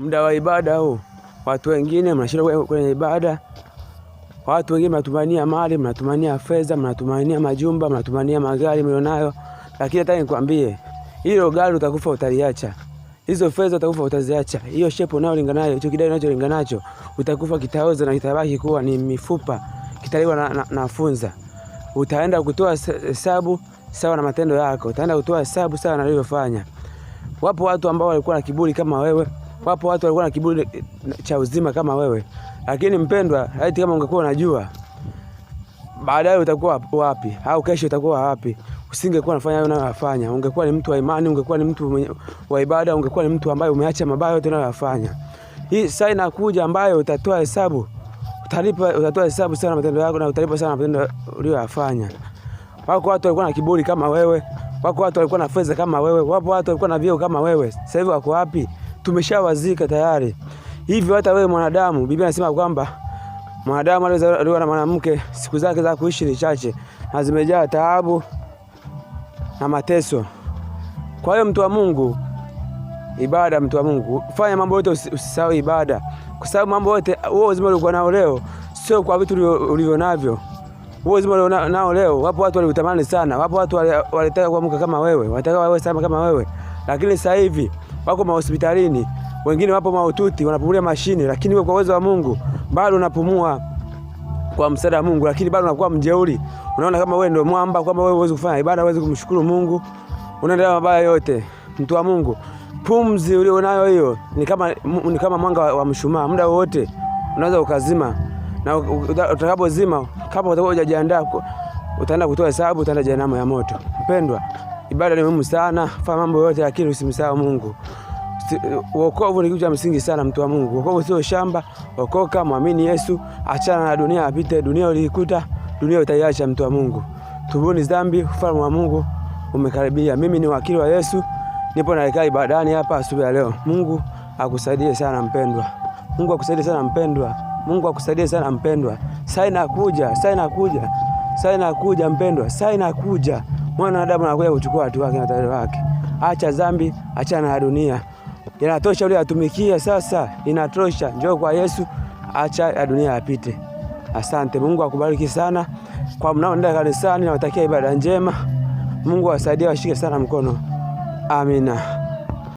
muda wa ibada huu. Watu wengine mnashiriki kwenye ibada, watu wengine mnatumania mali, mnatumania fedha, mnatumania majumba, mnatumania magari mlionayo, lakini hata nikwambie, hilo gari utakufa utaliacha, hizo fedha utakufa utaziacha, hiyo shepo unayolingana nayo, hicho kidai unacholingana nacho, utakufa kitaoza na kitabaki kuwa ni mifupa, kitaliwa na, na, na funza. Utaenda kutoa hesabu sawa na matendo yako, utaenda kutoa hesabu sawa na ulivyofanya. Wapo watu ambao walikuwa na kiburi kama wewe wapo watu walikuwa na kiburi cha uzima kama wewe, lakini mpendwa, laiti kama ungekuwa unajua baadaye utakuwa wapi au kesho utakuwa wapi, usingekuwa unafanya hayo unayoyafanya. Ungekuwa ni mtu wa imani, ungekuwa ni mtu wa ibada, ungekuwa ni mtu ambaye umeacha mabaya yote unayoyafanya. Hii saa inakuja ambayo utatoa hesabu, utalipa, utatoa hesabu sana matendo yako na utalipa sana matendo uliyoyafanya. Wako watu walikuwa na kiburi kama wewe, wako watu walikuwa na fedha kama wewe, wapo watu walikuwa na vyeo kama wewe. Sasa hivi wako wapi? tumeshawazika tayari. Hivyo hata wewe mwanadamu, Biblia anasema kwamba mwanadamu aliyezaliwa na mwanamke siku zake za kuishi ni chache na zimejaa taabu na mateso. Kwa hiyo mtu wa Mungu, ibada. Mtu wa Mungu, fanya mambo yote, usisahau ibada, kwa sababu mambo yote wewe uzima ulikuwa nao leo sio kwa vitu ulivyo navyo. Wewe uzima nao leo, wapo watu waliutamani sana, wapo watu walitaka kuamka kama wewe, wanataka wawe sama kama wewe, lakini sasa hivi wako mahospitalini, wengine wapo mahututi, wanapumulia mashine, lakini wewe kwa uwezo wa Mungu bado unapumua kwa msaada wa Mungu, lakini bado unakuwa mjeuri, unaona kama wewe ndio mwamba, kama wewe huwezi kufanya ibada, huwezi kumshukuru Mungu, unaendelea mabaya yote. Mtu wa Mungu, pumzi ulionayo hiyo ni kama, ni kama mwanga wa, mshumaa, muda wote unaweza ukazima, na utakapozima, kama utakuwa hujajiandaa, utaenda kutoa hesabu, utaenda jehanamu ya moto. Mpendwa, ibada ni muhimu sana, fanya mambo yote, lakini usimsahau Mungu. Wokovu ni kitu cha msingi sana, mtu wa Mungu. Wokovu sio shamba. Okoka, mwamini Yesu, achana na dunia, apite dunia. Uliikuta dunia, utaiacha mtu wa Mungu. Tubuni dhambi, ufalme wa Mungu umekaribia. Mimi ni wakili wa Yesu, nipo naelekea ibadani hapa asubuhi ya leo. Mungu akusaidie sana mpendwa. Mungu akusaidie sana mpendwa. Mungu akusaidie sana mpendwa. Saa inakuja, saa inakuja, saa inakuja mpendwa, saa inakuja. Mwanadamu anakuja kuchukua watu wake na tarehe wake. Acha dhambi, achana na dunia. Inatosha ule atumikie sasa, inatosha. Njoo kwa Yesu, acha dunia yapite. Asante. Mungu akubariki sana kwa mnaoenda kanisani, nawatakia ibada njema. Mungu awasaidie, washike sana mkono. Amina.